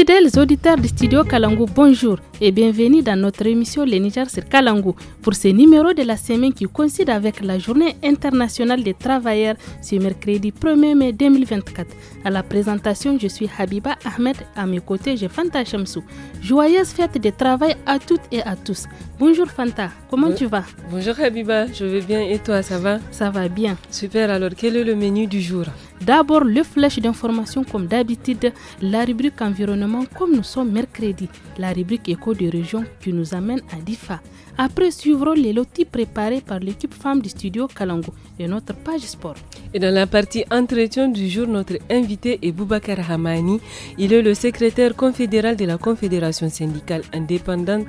Fidèles auditeurs du studio Kalangu, bonjour et bienvenue dans notre émission Les Niger sur Kalangou pour ce numéro de la semaine qui coïncide avec la journée internationale des travailleurs ce mercredi 1er mai 2024. À la présentation, je suis Habiba Ahmed, à mes côtés, j'ai Fanta Chamsou. Joyeuse fête de travail à toutes et à tous. Bonjour Fanta, comment tu vas Bonjour Habiba, je vais bien et toi, ça va Ça va bien. Super, alors quel est le menu du jour D'abord, le flash d'information comme d'habitude, la rubrique environnement comme nous sommes mercredi, la rubrique éco de région qui nous amène à Difa. Après suivrons les lotis préparés par l'équipe femme du studio Kalango et notre page sport. Et dans la partie entretien du jour, notre invité est Boubacar Hamani. Il est le secrétaire confédéral de la Confédération syndicale indépendante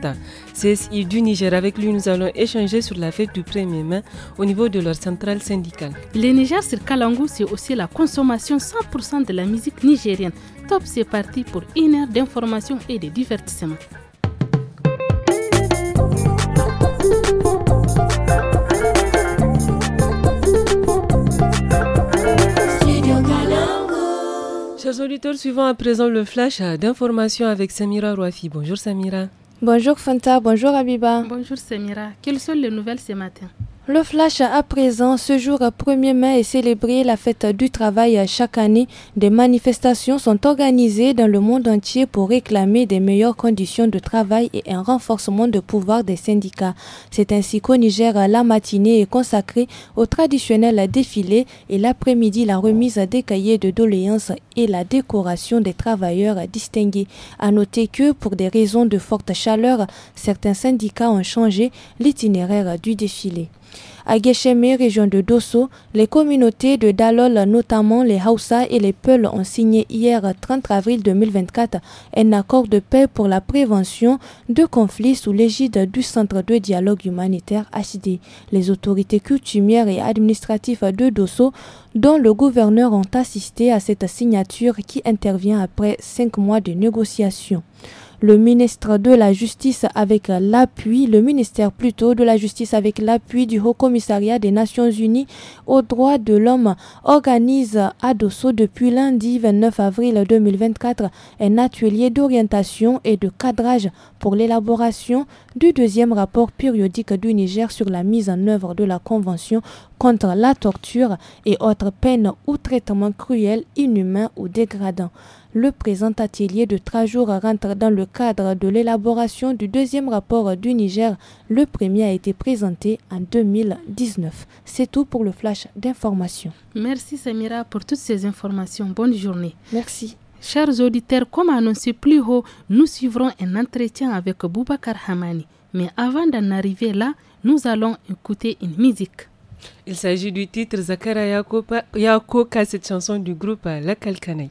CSI du Niger. Avec lui, nous allons échanger sur la fête du 1er mai au niveau de leur centrale syndicale. Le Niger sur Kalango, c'est aussi la consommation 100% de la musique nigérienne. Top, c'est parti pour une heure d'information et de divertissement. Chers auditeurs, suivons à présent le flash euh, d'information avec Samira Rouafi. Bonjour Samira. Bonjour Fanta, bonjour Abiba. Bonjour Samira. Quelles sont les nouvelles ce matin le Flash à présent, ce jour 1er mai est célébré la fête du travail chaque année. Des manifestations sont organisées dans le monde entier pour réclamer des meilleures conditions de travail et un renforcement de pouvoir des syndicats. C'est ainsi qu'au Niger, la matinée est consacrée au traditionnel défilé et l'après-midi, la remise des cahiers de doléances et la décoration des travailleurs distingués. À noter que, pour des raisons de forte chaleur, certains syndicats ont changé l'itinéraire du défilé. À Geshemé, région de Dosso, les communautés de Dalol, notamment les Hausa et les Peuls, ont signé hier 30 avril 2024 un accord de paix pour la prévention de conflits sous l'égide du Centre de dialogue humanitaire HD. Les autorités coutumières et administratives de Dosso, dont le gouverneur, ont assisté à cette signature qui intervient après cinq mois de négociations le ministre de la Justice avec l'appui, le ministère plutôt de la Justice avec l'appui du Haut Commissariat des Nations Unies aux droits de l'homme organise à Dosso depuis lundi 29 avril 2024 un atelier d'orientation et de cadrage pour l'élaboration du deuxième rapport périodique du Niger sur la mise en œuvre de la Convention contre la torture et autres peines ou traitements cruels, inhumains ou dégradants. Le présent atelier de trois jours rentre dans le cadre de l'élaboration du deuxième rapport du Niger. Le premier a été présenté en 2019. C'est tout pour le flash d'information. Merci Samira pour toutes ces informations. Bonne journée. Merci. Chers auditeurs, comme annoncé plus haut, nous suivrons un entretien avec Boubacar Hamani. Mais avant d'en arriver là, nous allons écouter une musique. Il s'agit du titre Zakara Yako, Yako cette chanson du groupe La Kalkane.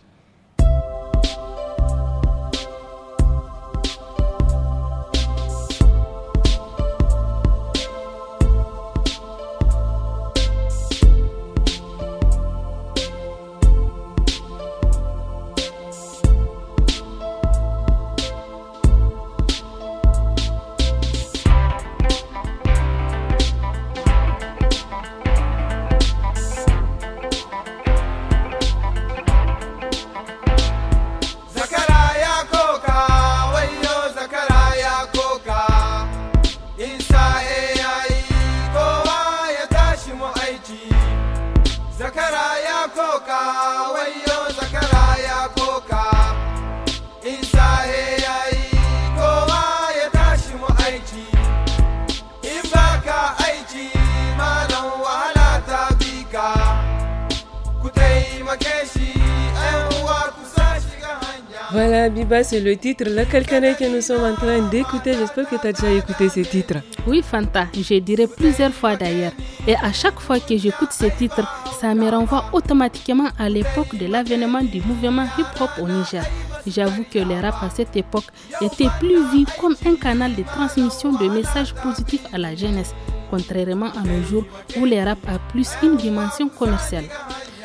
le titre quelqu'un Calcanet que nous sommes en train d'écouter. J'espère que tu as déjà écouté ce titre. Oui, Fanta, je dirais plusieurs fois d'ailleurs. Et à chaque fois que j'écoute ce titre, ça me renvoie automatiquement à l'époque de l'avènement du mouvement hip-hop au Niger. J'avoue que les rap à cette époque était plus vu comme un canal de transmission de messages positifs à la jeunesse, contrairement à nos jours où les rap a plus une dimension commerciale.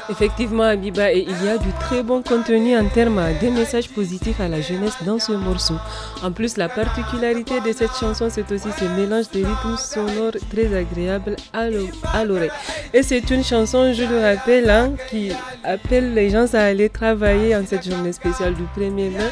Effectivement, Abiba, et il y a du très bon contenu en termes de messages positifs à la jeunesse dans ce morceau. En plus, la particularité de cette chanson, c'est aussi ce mélange de rythmes sonores très agréables à l'oreille. Et c'est une chanson, je le rappelle, hein, qui appelle les gens à aller travailler en cette journée spéciale du premier er mai.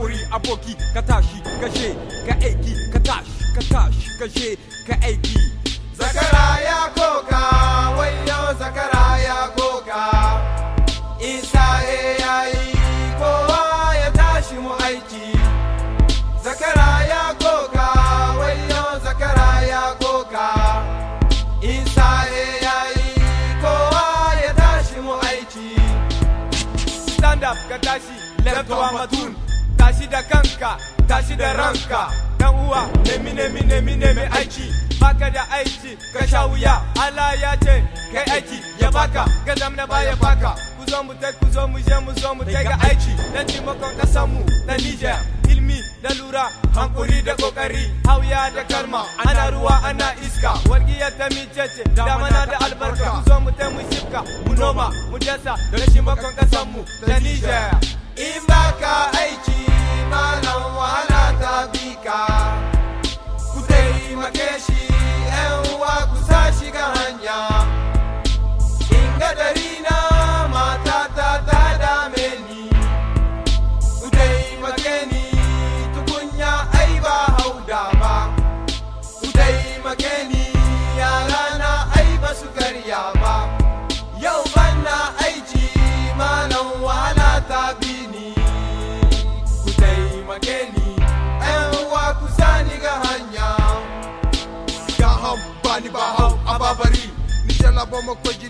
Ури Абоки, который Camus, de Niger.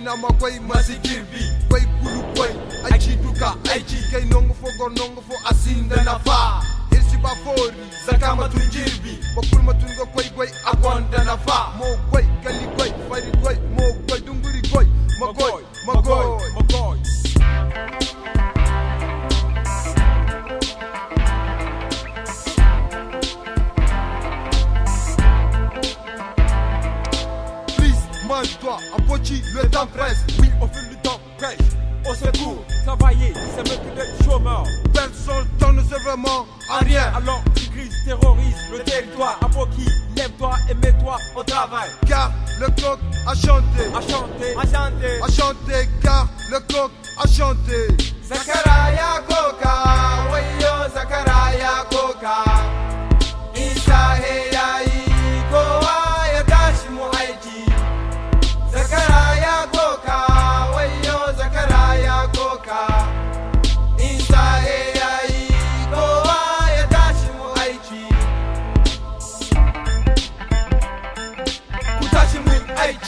ina makwai masu girbi kwai kulu kwai aiki tuka, aiki kai nongo fogo nongo fo asin da na fa irsi ba fori zaka matun bakul matun go kwai kwai akon na fa mo kwai gali kwai fari kwai mo kwai dunguri kwai makwai makwai le temps presse, oui au fil du temps presse. Au secours, travailler, c'est mieux que d'être chômeur. Personne ne sert vraiment à rien. Alors tu grises, terrorise le territoire. À qui lève-toi et mets-toi au travail. Car le coq a chanté, a chanté, a chanté, a chanté. Car le coq a chanté. Zakaria Coca, Wayo oh, Zakaria Coca.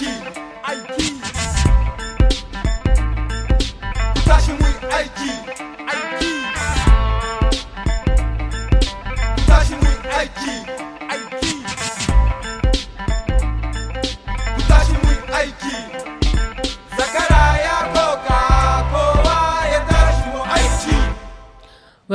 key.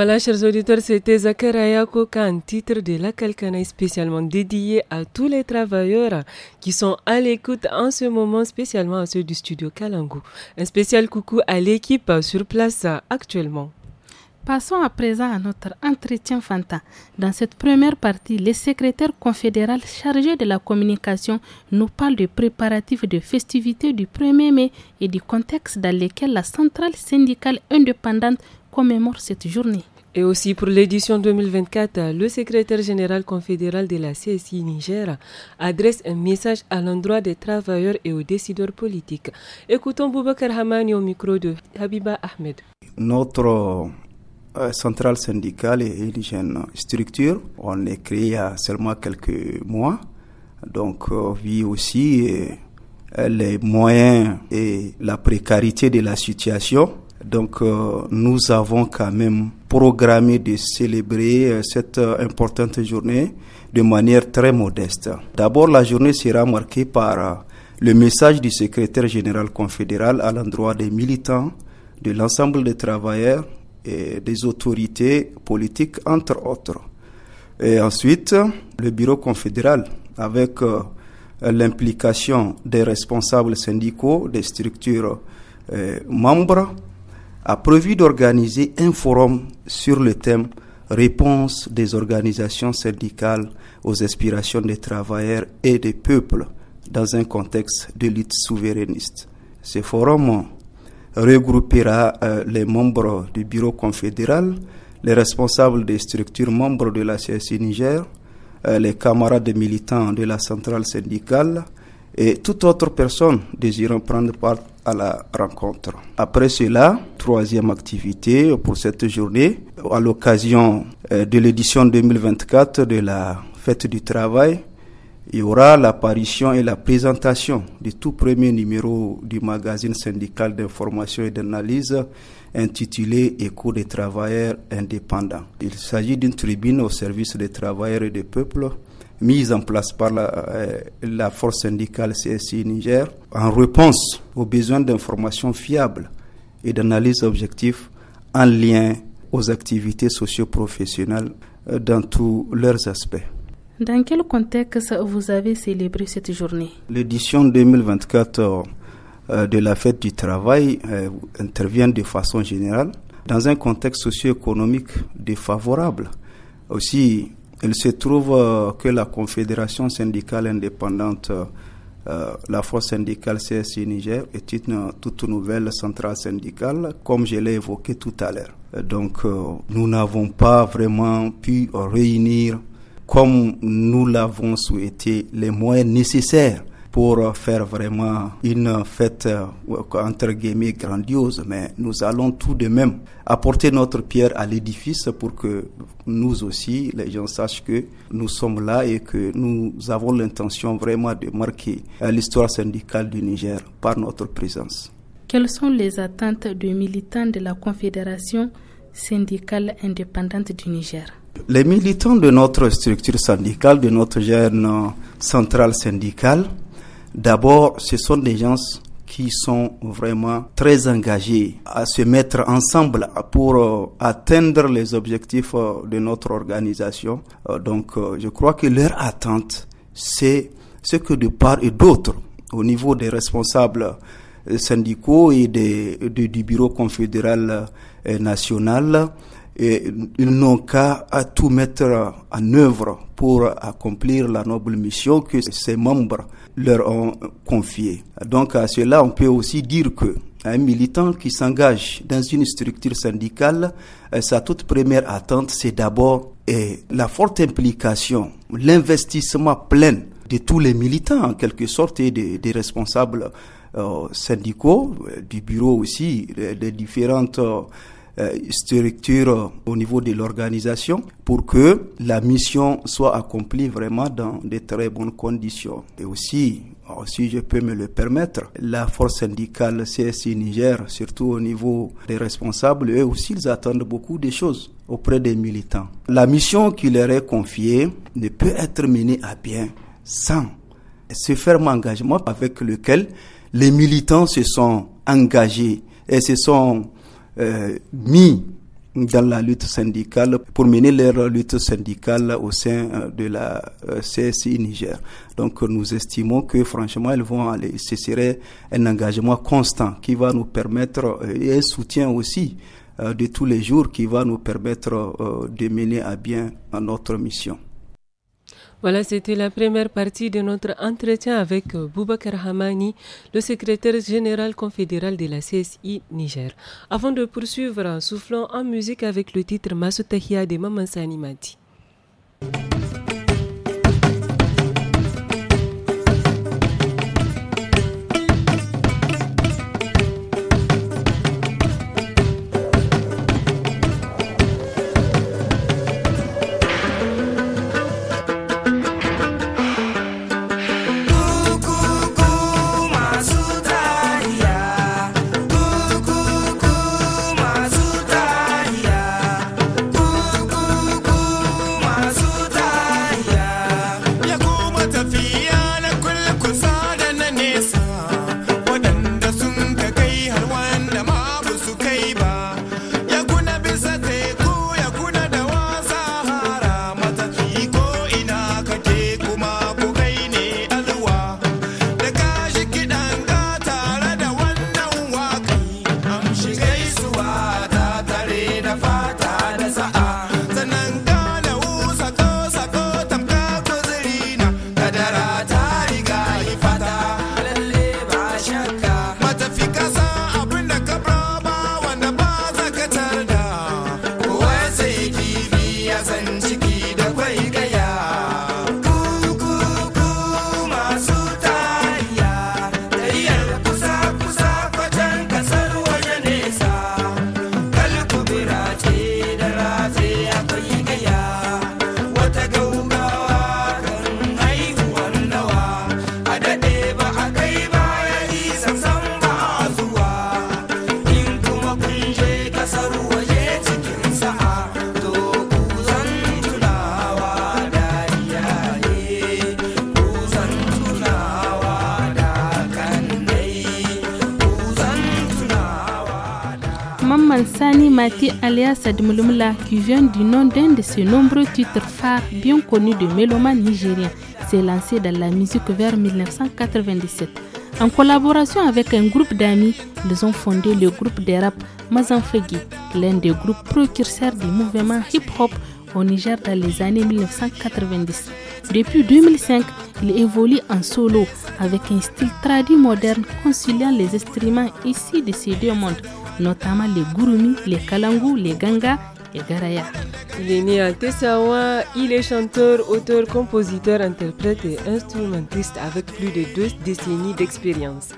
Voilà, chers auditeurs, c'était Zakaria Koka, un titre de la Kalkana spécialement dédié à tous les travailleurs qui sont à l'écoute en ce moment, spécialement à ceux du studio Kalangu. Un spécial coucou à l'équipe sur place actuellement. Passons à présent à notre entretien Fanta. Dans cette première partie, les secrétaires confédéral chargés de la communication nous parle des préparatifs de festivités du 1er mai et du contexte dans lequel la centrale syndicale indépendante commémore cette journée. Et aussi pour l'édition 2024, le secrétaire général confédéral de la CSI Niger adresse un message à l'endroit des travailleurs et aux décideurs politiques. Écoutons Boubacar Hamani au micro de Habiba Ahmed. Notre euh, centrale syndicale est une structure. On est créé il y a seulement quelques mois. Donc, on euh, vit aussi euh, les moyens et la précarité de la situation. Donc, nous avons quand même programmé de célébrer euh, cette euh, importante journée de manière très modeste. D'abord, la journée sera marquée par euh, le message du secrétaire général confédéral à l'endroit des militants, de l'ensemble des travailleurs et des autorités politiques, entre autres. Et ensuite, le bureau confédéral, avec l'implication des responsables syndicaux, des structures membres, a prévu d'organiser un forum sur le thème Réponse des organisations syndicales aux aspirations des travailleurs et des peuples dans un contexte d'élite souverainiste. Ce forum regroupera euh, les membres du bureau confédéral, les responsables des structures membres de la CSI Niger, euh, les camarades militants de la centrale syndicale, et toute autre personne désirant prendre part à la rencontre. Après cela, troisième activité pour cette journée, à l'occasion euh, de l'édition 2024 de la Fête du Travail, il y aura l'apparition et la présentation du tout premier numéro du magazine syndical d'information et d'analyse intitulé Écho des travailleurs indépendants. Il s'agit d'une tribune au service des travailleurs et des peuples mise en place par la, euh, force syndicale CSI Niger en réponse aux besoins d'informations fiables et d'analyses objectives en lien aux activités socio-professionnelles euh, dans tous leurs aspects. Dans quel contexte vous avez célébré cette journée L'édition 2024 euh, de la fête du travail intervient de façon générale dans un contexte socio-économique défavorable. Aussi, il se trouve euh, que la Confédération syndicale indépendante, euh, euh, la force syndicale CSI Niger, est une toute nouvelle centrale syndicale, comme je l'ai évoqué tout à l'heure. Donc nous n'avons pas vraiment pu réunir comme nous l'avons souhaité les moyens nécessaires pour faire vraiment une fête euh, entre guillemets grandiose, mais nous allons tout de même apporter notre pierre à l'édifice pour que nous aussi, les gens sachent que nous sommes là et que nous avons l'intention vraiment de marquer euh, l'histoire syndicale du Niger par notre présence. Quelles sont les attentes des militants de la Confédération syndicale indépendante du Niger Les militants de notre structure syndicale, de notre gêne centrale syndicale, D'abord, ce sont des gens qui sont vraiment très engagés à se mettre ensemble pour euh, atteindre les objectifs euh, de notre organisation. Euh, donc, je crois que leur attente, c'est ce que de part et d'autre, au niveau des responsables syndicaux et du bureau confédéral national, ils n'ont qu'à tout mettre en œuvre pour accomplir la noble mission que ces membres leur ont confié. Donc à cela, on peut aussi dire que un militant qui s'engage dans une structure syndicale, euh, sa toute première attente, c'est d'abord euh, la forte implication, l'investissement plein de tous les militants en quelque sorte et des, responsables euh, syndicaux, du bureau aussi, des, différentes euh, structure au niveau de l'organisation pour que la mission soit accomplie vraiment dans de très bonnes conditions. Et aussi, oh, si je peux me le permettre, la force syndicale CSI Niger, surtout au niveau des responsables, eux aussi, ils attendent beaucoup de choses auprès des militants. La mission qui leur est confiée ne peut être menée à bien sans ce ferme engagement avec lequel les militants se sont engagés et se sont euh, mis dans la lutte syndicale pour mener leur lutte syndicale au sein euh, de la euh, CSI Niger. Donc nous estimons que franchement, elles vont aller, ce serait un engagement constant qui va nous permettre, et un soutien aussi de tous les jours qui va nous permettre de mener à bien notre mission. Voilà, c'était la première partie de notre entretien avec euh, Boubacar Hamani, le secrétaire général confédéral de la CSI Niger. Avant de poursuivre, soufflons en musique avec le titre Masutahia de Maman Sanimati. Mathieu alias Admulumla qui vient du nom d'un de ses nombreux titres phares bien connus de mélomanes nigérien, s'est lancé dans la musique vers 1997. En collaboration avec un groupe d'amis, ils ont fondé le groupe de rap Mazanfegui, l'un des groupes précurseurs du mouvement hip-hop au Niger dans les années 1990. Depuis 2005, il évolue en solo avec un style traduit moderne conciliant les instruments ici de ces deux mondes, notamment les Gurumi, les kalangu, les Ganga et garaya. Il est né à Tessawa, il est chanteur, auteur, compositeur, interprète et instrumentiste avec plus de deux décennies d'expérience.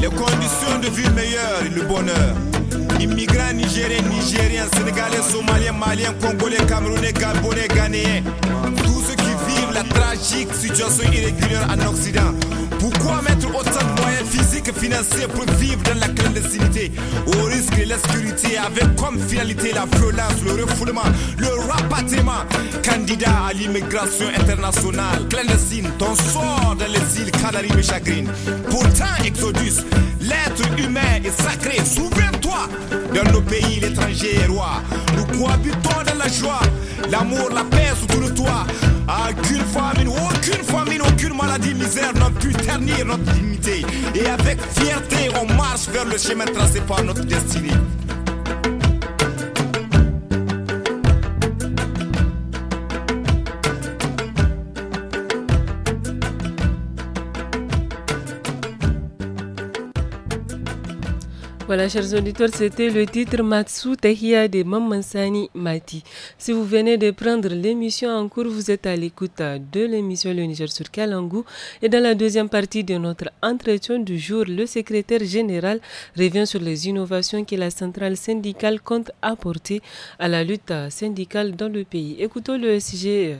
les conditions de vie meilleures et le bonheur. Immigrants nigériens, nigériens, sénégalais, somaliens, maliens, congolais, camerounais, gabonais, ghanéens, situation irrégulière en Occident. Pourquoi mettre autant de moyens physiques et financiers pour vivre dans la clandestinité Au risque de l'obscurité, avec comme finalité la violence, le refoulement, le rapatriement. Candidat à l'immigration internationale, clandestine, ton sort dans les îles Canaries me chagrine. Pourtant, Exodus, L'être humain est sacré, souviens-toi. Dans nos pays, l'étranger est roi. Nous cohabitons dans la joie, l'amour, la paix autour de toi. Aucune famine, aucune famine, aucune maladie, misère n'a pu ternir notre dignité. Et avec fierté, on marche vers le chemin tracé par notre destinée. Voilà, chers auditeurs, c'était le titre Matsu Tehia de Mamansani Mati. Si vous venez de prendre l'émission en cours, vous êtes à l'écoute de l'émission Le Niger sur Kalangou. Et dans la deuxième partie de notre entretien du jour, le secrétaire général revient sur les innovations que la centrale syndicale compte apporter à la lutte syndicale dans le pays. Écoutons le SG euh,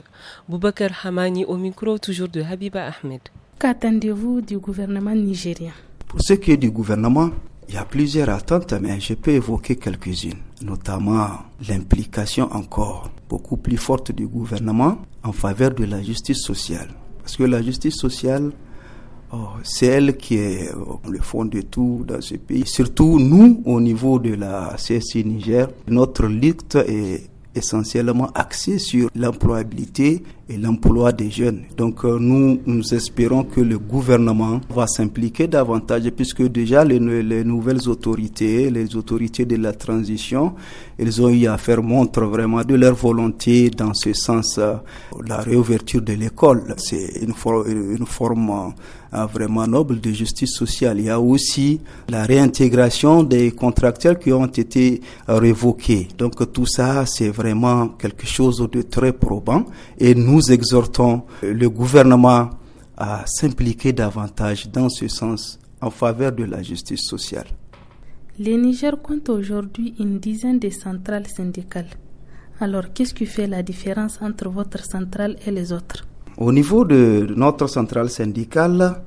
Boubakar Hamani au micro, toujours de Habiba Ahmed. Qu'attendez-vous du gouvernement nigérien Pour ce qui est du gouvernement, il y a plusieurs attentes, mais je peux évoquer quelques-unes, notamment l'implication encore beaucoup plus forte du gouvernement en faveur de la justice sociale. Parce que la justice sociale, Oh, c'est elle qui est oh, le fond de tout dans ce pays. Surtout nous, au niveau de la CSI Niger, notre lutte est essentiellement axée sur l'employabilité l'emploi des jeunes. Donc euh, nous, nous espérons que le gouvernement va s'impliquer davantage puisque déjà les, nouvelles autorités, les autorités de la transition, elles ont eu à faire montre vraiment de leur volonté dans ce sens. Euh, la réouverture de l'école, c'est une, une forme euh, vraiment noble de justice sociale. Il y a aussi la réintégration des contractuels qui ont été révoqués. Donc tout ça, c'est vraiment quelque chose de très probant et nous exhortons le gouvernement à s'impliquer davantage dans ce sens en faveur de la justice sociale. les Niger compte aujourd'hui une dizaine de centrales syndicales. Alors, qu'est-ce qui fait la différence entre votre centrale et les autres Au niveau de notre centrale syndicale,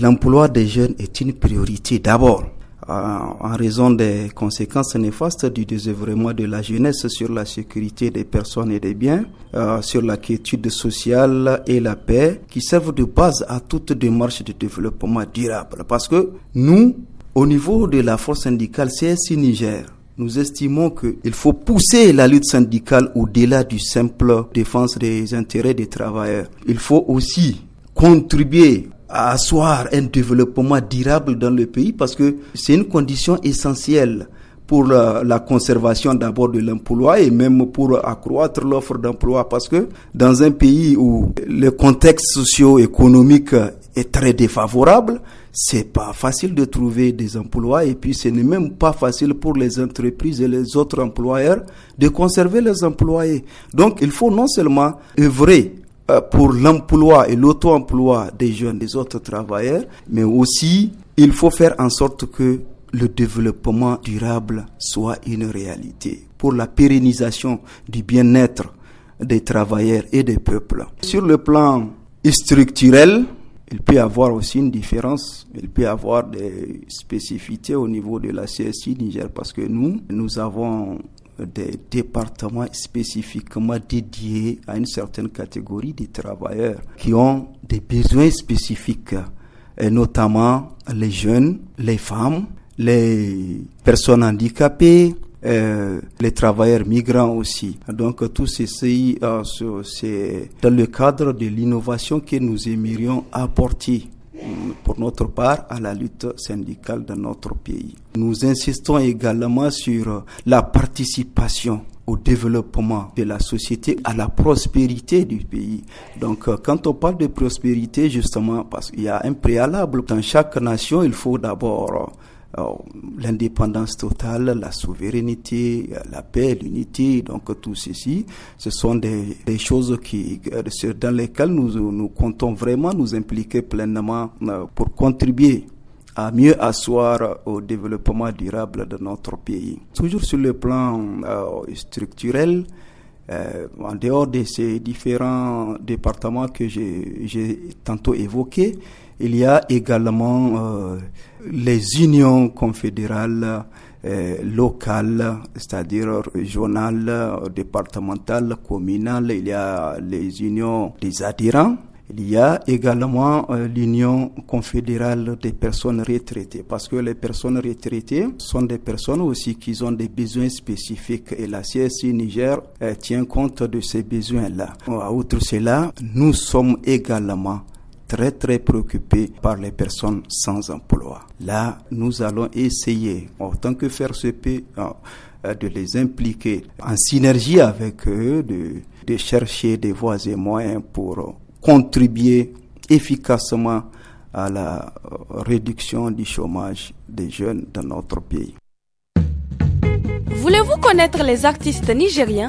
l'emploi des jeunes est une priorité d'abord en raison des conséquences néfastes du désœuvrement de la jeunesse sur la sécurité des personnes et des biens, euh, sur la quiétude sociale et la paix, qui servent de base à toute démarche de développement durable. Parce que nous, au niveau de la force syndicale CSI Niger, nous estimons qu'il faut pousser la lutte syndicale au-delà du simple défense des intérêts des travailleurs. Il faut aussi contribuer à asseoir un développement durable dans le pays parce que c'est une condition essentielle pour la, conservation d'abord de l'emploi et même pour accroître l'offre d'emploi parce que dans un pays où le contexte socio-économique est très défavorable, c'est pas facile de trouver des emplois et puis ce n'est même pas facile pour les entreprises et les autres employeurs de conserver les employés. Donc il faut non seulement œuvrer euh, pour l'emploi et l'auto-emploi des jeunes, des autres travailleurs, mais aussi il faut faire en sorte que le développement durable soit une réalité pour la pérennisation du bien-être des travailleurs et des peuples. Sur le plan structurel, il peut y avoir aussi une différence, il peut y avoir des spécificités au niveau de la CSI Niger parce que nous, nous avons des départements spécifiquement dédiés à une certaine catégorie de travailleurs qui ont des besoins spécifiques, et notamment les jeunes, les femmes, les personnes handicapées, euh, les travailleurs migrants aussi. Donc tout ceci, euh, c'est dans le cadre de l'innovation que nous aimerions apporter pour notre part à la lutte syndicale de notre pays. Nous insistons également sur la participation au développement de la société, à la prospérité du pays. Donc, euh, quand on parle de prospérité, justement, parce qu'il y a un préalable, dans chaque nation, il faut d'abord euh, l'indépendance totale, la souveraineté, la paix, l'unité, donc tout ceci, ce sont des, choses qui, euh, dans lesquelles nous, nous comptons vraiment nous impliquer pleinement euh, pour contribuer à mieux asseoir au développement durable de notre pays. Toujours sur le plan structurel, en dehors de ces différents départements que j'ai tantôt évoqués, il y a également euh, les unions confédérales euh, locales, c'est-à-dire régionales, départementales, communales. Il y a les unions des adhérents. Il y a également euh, l'Union confédérale des personnes retraitées, parce que les personnes retraitées sont des personnes aussi qui ont des besoins spécifiques et la CSI Niger tient compte de ces besoins-là. outre cela, nous sommes également très très préoccupé par les personnes sans emploi. Là, nous allons essayer, en tant que faire ce pays euh, euh, de les impliquer en synergie avec eux, de, de chercher des voies et moyens pour contribuer efficacement à la euh, réduction du chômage des jeunes dans notre pays. Voulez-vous connaître les artistes nigériens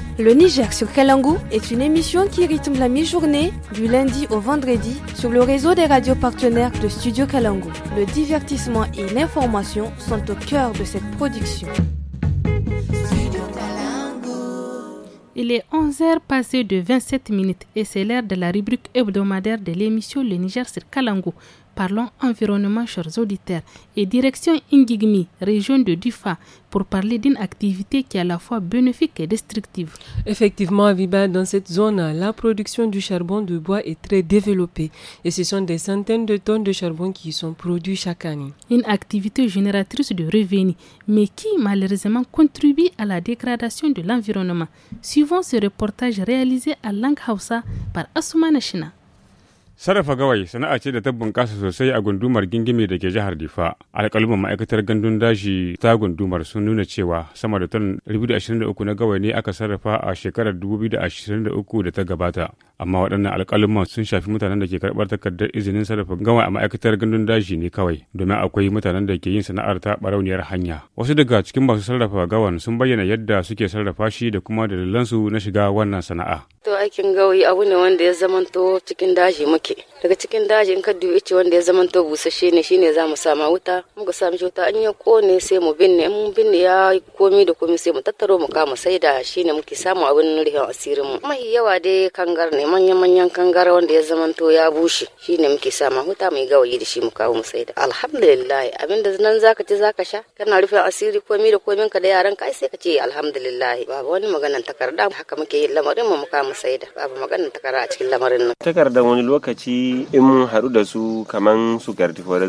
Le Niger sur Kalangu est une émission qui rythme la mi-journée du lundi au vendredi sur le réseau des radios partenaires de Studio Kalangu. Le divertissement et l'information sont au cœur de cette production. Il est 11h passé de 27 minutes et c'est l'heure de la rubrique hebdomadaire de l'émission Le Niger sur Kalangu. Parlons environnement, chers auditeurs, et direction Ingigmi, région de Dufa, pour parler d'une activité qui est à la fois bénéfique et destructive. Effectivement, Aviba, dans cette zone, la production du charbon de bois est très développée et ce sont des centaines de tonnes de charbon qui sont produites chaque année. Une activité génératrice de revenus, mais qui malheureusement contribue à la dégradation de l'environnement. Suivons ce reportage réalisé à Langhausa par Asuma Nashina. Sarrafa gawai sana'a ce da ta bunƙasa sosai a gundumar gingimi da ke jihar Difa. alƙaluma ma'aikatar gandun daji ta gundumar sun nuna cewa sama da ton 2023 na gawai ne aka sarrafa a shekarar 2023 da ta gabata. Amma waɗannan alƙaluman sun shafi mutanen da ke karɓar takardar izinin sarrafa gawai a ma'aikatar gandun daji ne kawai, domin akwai mutanen da ke yin sana'ar ta barauniyar hanya. Wasu daga cikin masu sarrafa gawan sun bayyana yadda suke sarrafa shi da kuma dalilansu na shiga wannan sana'a. To aikin gawayi abu ne wanda ya zamanto cikin daji muke 去。daga cikin daji in ka dubi ice wanda ya zama to busasshe ne shine za mu sama wuta muka sa mishi wuta in ya kone sai mu binne in mun binne ya komi da komi sai mu tattaro mu kama sai da shine muke samu abin rihin asirin mu mai yawa dai kangar ne manyan manyan kangar wanda ya zama ya bushe shine muke sama wuta mai gawayi da shi mu kawo mu sai da alhamdulillah abinda nan zaka ci zaka sha kana rufe asiri komi da komin ka da yaran ka sai ka ce alhamdulillah babu wani maganan takarda haka muke yin lamarin mu mu kama sai da babu maganan takarda a cikin lamarin nan takarda wani lokaci in mun haɗu da su kaman su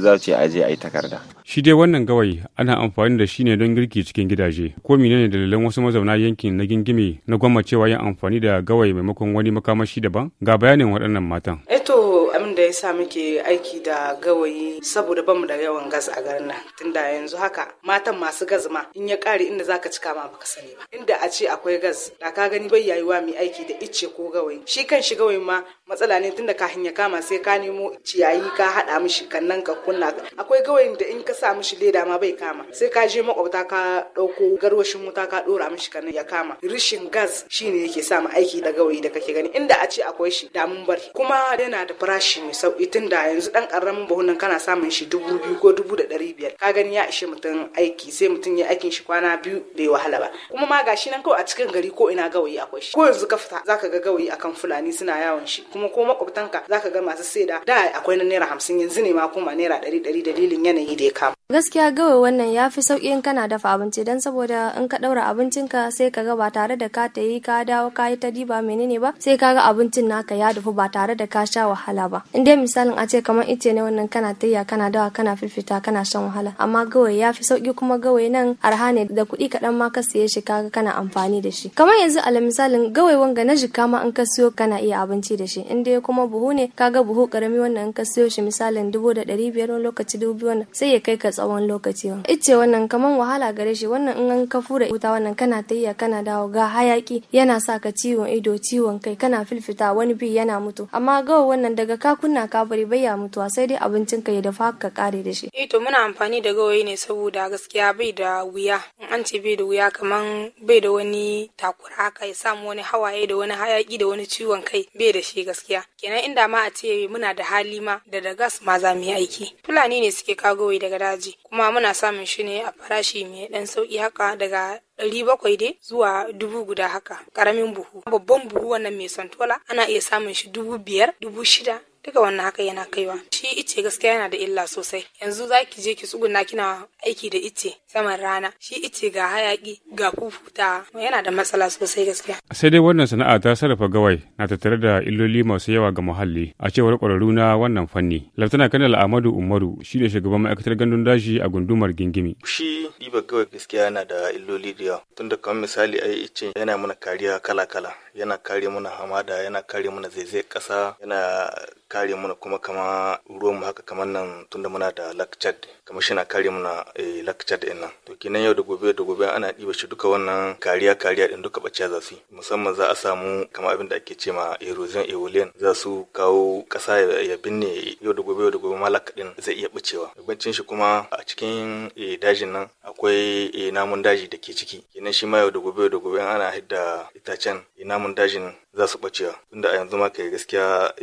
za ce aje a yi takarda. Shi dai wannan gawayi ana amfani da shi ne don girki cikin gidaje. Ko ne dalilan wasu mazauna yankin na gingime na gwamma cewa yin amfani da gawayi maimakon wani makamashi daban? Ga bayanin waɗannan matan. Eto eh abin da ya sa muke aiki da gawayi saboda bamu da yawan gas a garin nan tunda yanzu haka matan masu gas ma in ya kare inda zaka cika ma baka sani ba inda a ce akwai gas da ka gani bai yayuwa mai aiki da icce ko gawayi shi kan shi gawayi ma matsala ne tunda ka ya kama sai ka nemo ciyayi ka hada mishi kannan ka kunna akwai gawayin da in ka sa mishi leda ma bai kama sai ka je makwabta ka dauko garwashin wuta ka dora mishi kannan ya kama rishin gas shine yake sa mu aiki da gawayi da kake gani inda a ce akwai shi da mun bari kuma yana da farashi bashi mai sauki tun da yanzu dan karamin buhun nan kana samun shi dubu biyu ko dubu da ɗari biyar ka gani ya ishe mutum aiki sai mutum ya aikin shi kwana biyu bai wahala ba kuma ma gashi nan kawai a cikin gari ko ina gawayi akwai shi ko yanzu ka fita zaka ga gawayi akan fulani suna yawon shi kuma ko makwabtanka zaka ga masu saida da akwai na naira hamsin yanzu ne ma kuma naira ɗari ɗari dalilin yanayi da ya kama. gaskiya gawa wannan ya fi sauƙi in kana dafa abinci don saboda in ka ɗaura abincinka sai ka ga ba tare da ka ta yi ka dawo ka yi ta diba menene ba sai ka ga abincin naka ya dafu ba tare da ka sha wahala ba in dai misalin a ce kamar ice ne wannan kana tayya kana dawa kana fifita kana shan wahala amma gawayi ya fi sauƙi kuma gawayi nan arha ne da kuɗi kaɗan ma ka siye shi ga kana amfani da shi kamar yanzu ala misalin gawayi wanga na jika ma in ka siyo kana iya abinci da shi in dai kuma buhu ne kaga buhu ƙarami wannan in ka siyo shi misalin dubu da ɗari biyar lokaci dubu biyu sai ya kai ka tsawon lokaci ice wannan kaman wahala gare shi wannan in an ka fura wuta wannan kana tayya kana dawo ga hayaki yana sa ka ciwon ido ciwon kai kana filfita wani bi yana mutu amma ga wannan daga ka kunna ka bari bai ya mutuwa sai dai abincin ka ya dafa ka kare da shi eh to muna amfani da gawayi ne saboda gaskiya bai da wuya in an ce bai da wuya kaman bai da wani takura haka ya samu wani hawaye da wani hayaki da wani ciwon kai bai da shi gaskiya kenan inda ma a ce muna da hali ma da da gas ma za mu yi aiki fulani ne suke kagowi daga daji kuma muna samun shi ne a farashi mai dan sauki haka daga ɗari bakwai dai zuwa dubu guda haka Karamin buhu babban buhu wannan mai santola ana iya samun shi dubu biyar dubu shida duka wannan haka yana kaiwa shi ice gaskiya yana da illa sosai yanzu za ki je ki tsuguna kina aiki da ice saman rana shi ice ga hayaki ga fufuta yana da matsala sosai gaskiya sai dai wannan sana'a ta sarrafa gawai na tattare da illoli masu yawa ga muhalli a cewar ƙwararru na wannan fanni laftana kanar amadu umaru shi ne shugaban ma'aikatar gandun daji a gundumar gingimi shi diba gawai gaskiya yana da illoli da yawa tunda kamar misali ai ice yana mana kariya kala kala yana kare mana hamada yana kare mana zaizayar kasa yana kare mana kuma kama ruwan mu haka kamar nan tunda muna da lakcad kamar shi na kare muna eh, lakcar din nan to kenan yau da gobe da gobe ana ɗiba shi duka wannan kariya kariya din duka bacciya za su yi musamman za a samu kamar abin da ake ce ma erosion eolian za su kawo ƙasa ya binne yau da gobe yau da gobe ma din zai iya bacewa bancin shi kuma a cikin eh, dajin nan akwai eh, namun daji da ke ciki kenan shi ma yau da gobe yau da gobe ana hidda itacen namun dajin za su bacewa tunda a yanzu ma kai gaskiya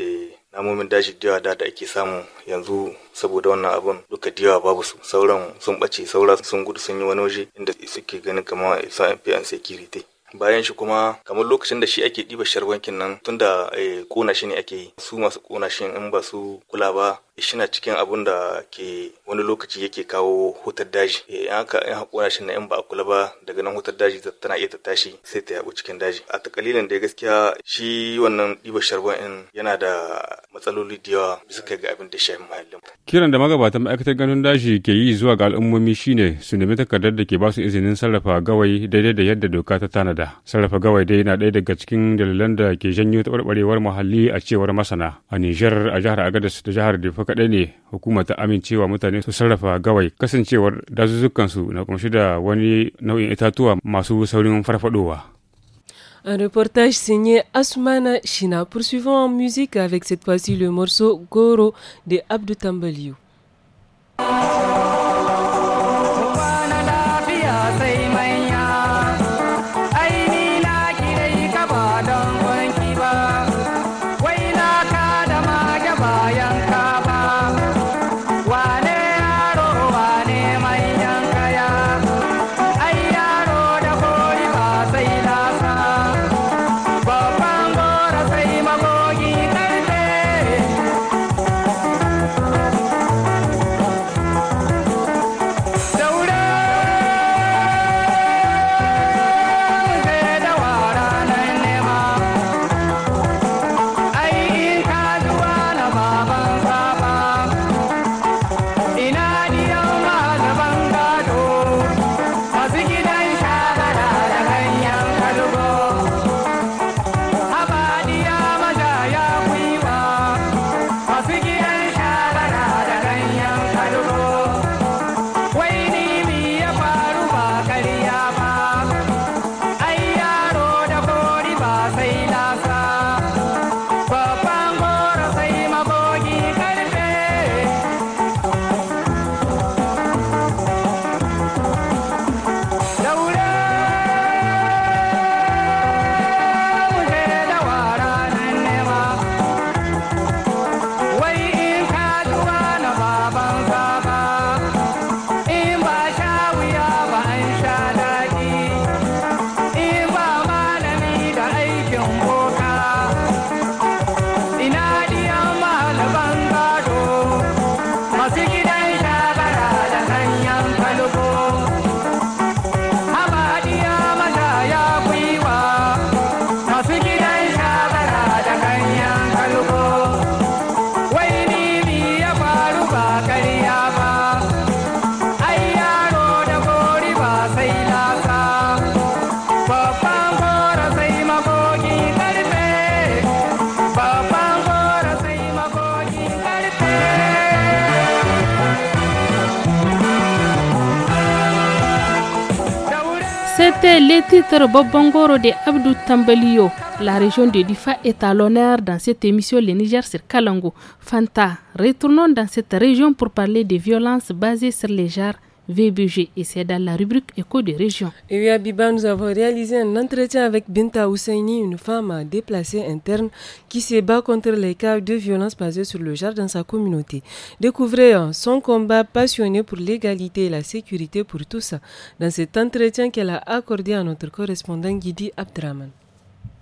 namomin daji da da ake samu yanzu saboda wannan abun duka diyawa babu su sauran sun bace saura sun gudu sun yi wani waje inda suke ganin kamar isa an security bayan shi kuma kamar lokacin da shi ake ɗiba sharbankin nan tunda kona eh, shi ne ake yi su masu kona shi in ba su kula ba shina cikin abun da ke wani lokaci yake kawo hutar daji eh, in aka in hakura shi na in ba a kula ba daga nan hutar daji tana iya ta tashi sai ta yabo cikin daji a takalilan da gaskiya shi wannan ɗiba sharban in yana da matsaloli da yawa bisa kai ga abin da shi muhallin kiran da magabatan ma'aikatar ganin daji ke yi zuwa ga al'ummomi shine su nemi takardar da ke ba su izinin sarrafa gawai daidai da yadda doka ta tanada sarrafa gawai dai na ɗaya daga cikin dalilan da ke janyo taɓarɓarewar muhalli a cewar masana a Nijar a jihar Agadez da jihar Difa kaɗai ne hukuma ta amincewa mutane su sarrafa gawai kasancewar dazuzzukansu na kumshi da wani nau'in itatuwa masu saurin farfadowa. Un reportage signé Asmana Shina. Poursuivons en musique avec cette fois-ci le morceau Goro de Abdou Tambaliou. C'était les titres Bobongoro de Abdou Tambelio. La région de Difa est à l'honneur dans cette émission Le Niger sur Kalango. Fanta, retournons dans cette région pour parler des violences basées sur les genres VBG et c'est dans la rubrique Écho des régions. Et oui, Biba, nous avons réalisé un entretien avec Binta Ousseini, une femme déplacée interne qui se bat contre les cas de violence basées sur le genre dans sa communauté. Découvrez hein, son combat passionné pour l'égalité et la sécurité pour tous dans cet entretien qu'elle a accordé à notre correspondant Guidi Abdraman.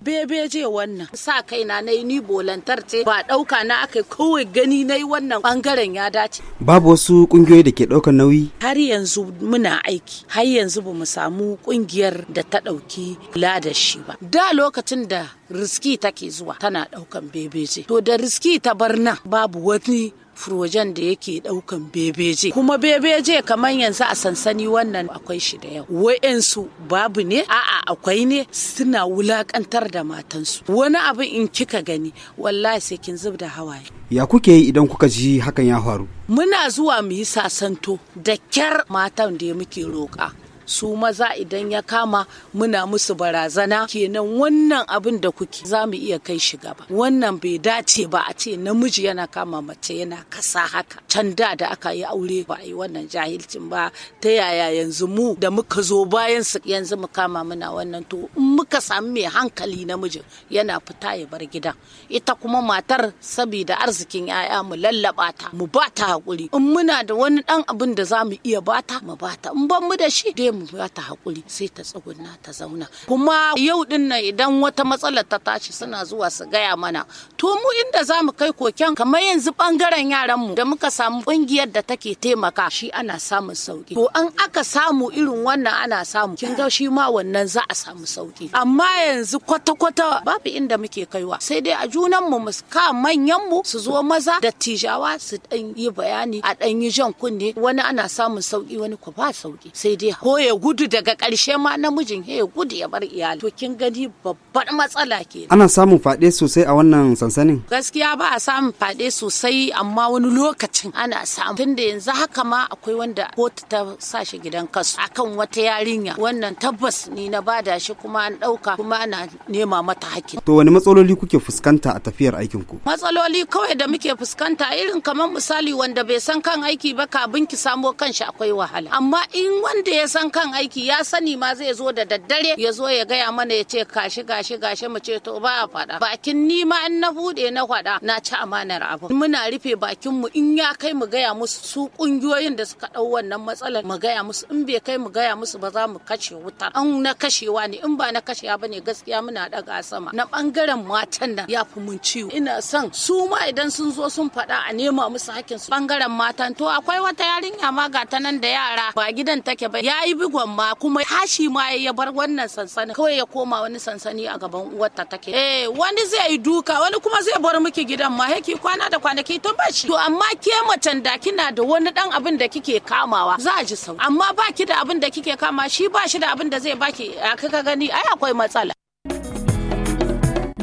bebeje wannan sa kaina na yi ni bolantar ce ba ɗauka na aka kawai gani na yi wannan bangaren ya dace babu wasu kungiyoyi da ke ɗaukar nauyi har yanzu muna aiki har yanzu bamu samu kungiyar da ta ɗauki kula da shi ba da lokacin da riski take zuwa tana ɗaukan bebeje to da riski ta barna babu wani furojen da yake daukan bebeje kuma bebeje kamar yanzu a sansani wannan akwai shi da yau. wa'yansu babu ne a'a akwai ne suna wulakantar da matansu wani abu in kika gani wallahi sai kin zub da hawaye ya kuke yi idan kuka ji hakan ya faru muna zuwa mu yi sasanto da kyar matan da muke roƙa su maza idan ya kama muna musu barazana kenan wannan abin da kuke za mu iya kai shi gaba wannan bai dace ba a ce namiji yana kama mace yana kasa haka can da da aka yi aure ba a yi wannan jahilcin ba ta yaya yanzu mu da muka zo bayan su yanzu mu kama muna wannan to in muka samu mai hankali namijin yana fita ya bar gidan ita kuma matar saboda arzikin 'ya'ya mu lallaba ta mu ba ta hakuri in muna da wani dan abin da za mu iya bata mu bata in ban mu da shi dai mu ba ta hakuri sai ta tsuguna ta zauna kuma yau din nan idan wata matsala ta tashi suna zuwa su gaya mana to mu inda za mu kai koken kamar yanzu bangaren yaran mu da muka samu kungiyar da take taimaka shi ana samun sauki to an aka samu irin wannan ana samu kin ga shi ma wannan za a samu sauki amma yanzu kwata kwata babu inda muke kaiwa sai dai a junan mu ka manyan mu su zo maza da tijawa su dan yi bayani a dan yi jan kunne wani ana samun sauki wani kwa ba sauki sai dai koye ya gudu daga karshe ma namijin ya gudu ya bar iyali to kin gani babbar matsala ke ana samun fade sosai a wannan sansanin gaskiya ba a samun fade sosai amma wani lokacin ana samu tunda yanzu haka ma akwai wanda kotu ta sa shi gidan kasu akan wata yarinya wannan tabbas ni na bada shi kuma an ɗauka kuma ana nema mata hakki to wani matsaloli kuke fuskanta a tafiyar aikin ku matsaloli kawai da muke fuskanta irin kamar misali wanda bai san kan aiki ba kabin ki samo kanshi akwai wahala amma in wanda ya san kan aiki ya sani ma zai zo da daddare ya zo ya gaya mana ya ce gashi gashi gashi mu ce to ba a faɗa bakin ni ma in na buɗe na faɗa na ci amanar abu muna rufe bakin mu in ya kai mu gaya musu su kungiyoyin da suka ɗau wannan matsalar mu gaya musu in bai kai mu gaya musu ba za mu kashe wuta an na kashewa ne in ba na kashewa ba ne gaskiya muna daga sama na bangaren matan nan ya fi mun ciwo ina son su ma idan sun zo sun faɗa a nema musu hakkin su Bangaren matan to akwai wata yarinya ma ga ta nan da yara ba gidan take ba yayi bi digon ma kuma tashi ma ya bar wannan sansani kawai ya koma wani sansani a gaban uwarta take eh wani zai yi duka wani kuma zai bar miki gidan ma yake kwana da kwanaki tun shi to amma ke macen da kina da wani dan abin da kike kamawa za a ji sau amma baki da abin da kike kama shi ba shi da abin da zai baki a kaka gani ai akwai matsala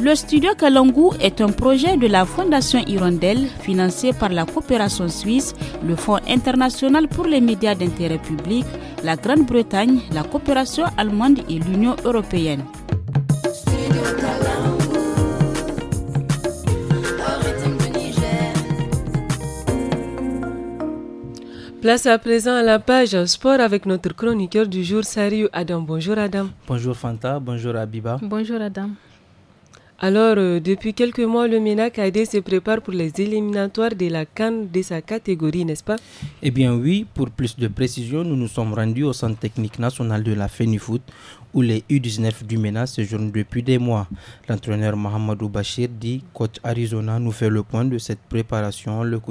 Le studio Kalangu est un projet de la Fondation Hirondelle financé par la coopération suisse, le Fonds international pour les médias d'intérêt public, la Grande-Bretagne, la coopération allemande et l'Union européenne. Place à présent à la page sport avec notre chroniqueur du jour, Sariu Adam. Bonjour Adam. Bonjour Fanta, bonjour Abiba. Bonjour Adam. Alors, euh, depuis quelques mois, le MENA AD se prépare pour les éliminatoires de la Cannes de sa catégorie, n'est-ce pas Eh bien oui, pour plus de précision, nous nous sommes rendus au Centre technique national de la FENIFOOT où les U19 du MENA séjournent depuis des mois. L'entraîneur Mohamedou Bachir dit Coach Arizona nous fait le point de cette préparation. Le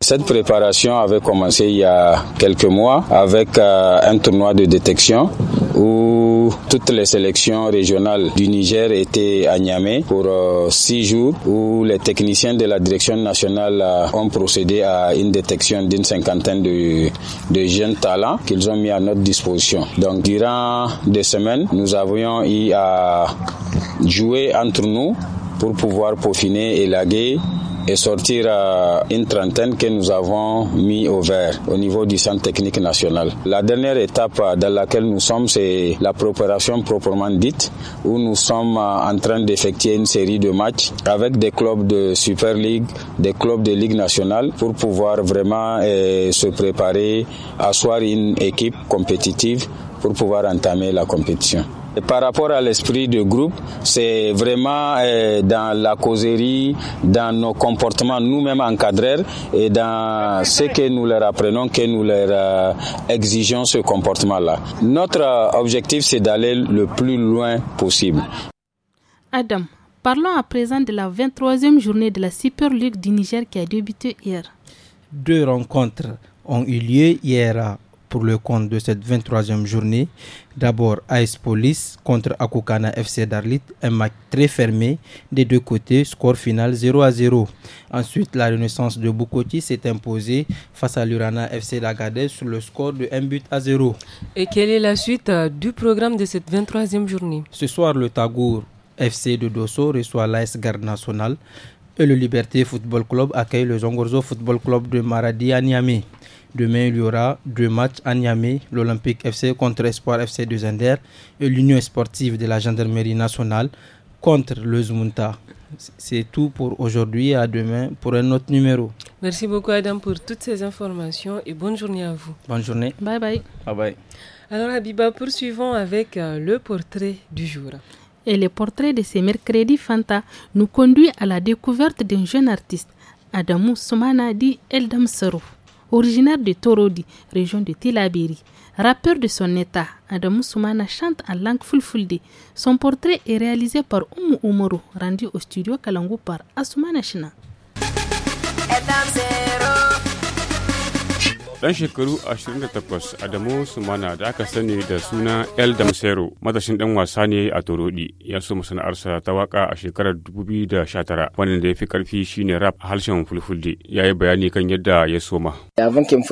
cette préparation avait commencé il y a quelques mois avec euh, un tournoi de détection où toutes les sélections régionales du Niger étaient à Niamey pour euh, six jours où les techniciens de la direction nationale euh, ont procédé à une détection d'une cinquantaine de, jeunes talents qu'ils ont mis à notre disposition. Donc durant des semaines, nous avions eu à jouer entre nous pour pouvoir peaufiner, et laguer et sortir à euh, une trentaine que nous avons mis au vert au niveau du centre technique national. La dernière étape euh, dans laquelle nous sommes, c'est la préparation proprement dite, où nous sommes euh, en train d'effectuer une série de matchs avec des clubs de Super League, des clubs de Ligue nationale, pour pouvoir vraiment se préparer, asseoir une équipe compétitive pour pouvoir entamer la compétition par rapport à l'esprit de groupe, c'est vraiment euh, dans la causerie, dans nos comportements nous-mêmes encadrés et dans ce que nous leur apprenons, que nous leur euh, exigeons ce comportement-là. Notre euh, objectif, c'est d'aller le plus loin possible. Adam, parlons à présent de la 23e journée de la Super League du Niger qui a débuté hier. Deux rencontres ont eu lieu hier pour le compte de cette 23e journée. D'abord AS Police contre Akukana FC Darlit, un match très fermé des deux côtés, score final 0 à 0. Ensuite, la Renaissance de Bukoti s'est imposée face à l'Urana FC d'Agadez sur le score de 1 but à 0. Et quelle est la suite euh, du programme de cette 23e journée Ce soir, le Tagour FC de Dosso reçoit l'AS Garde Nationale et le Liberté Football Club accueille le Zongorzo Football Club de Maradi à Niamey. Demain, il y aura deux matchs à Niamey, l'Olympique FC contre Espoir FC de Zender et l'Union sportive de la gendarmerie nationale contre le Zumunta. C'est tout pour aujourd'hui et à demain pour un autre numéro. Merci beaucoup Adam pour toutes ces informations et bonne journée à vous. Bonne journée. Bye bye. Bye bye. Alors Habiba, poursuivons avec euh, le portrait du jour. Et le portrait de ce mercredi Fanta nous conduit à la découverte d'un jeune artiste, Adamou Soumana dit Eldam originaire de Torodi, région de Tilabiri. Rappeur de son état, Adam Soumana chante en langue fulfulde. Son portrait est réalisé par Oumu Oumoro, rendu au studio Kalangu par Asumana China. Dan shekaru 28 Adamu Sumana da aka sani da suna El Damsero, matashin dan wasa ne a Torodi, ya so masana'arsa ta waka a shekarar 2019, wannan da ya fi karfi shine rap a harshen fulfulde. Ya yi bayani kan yadda ya soma. Kafin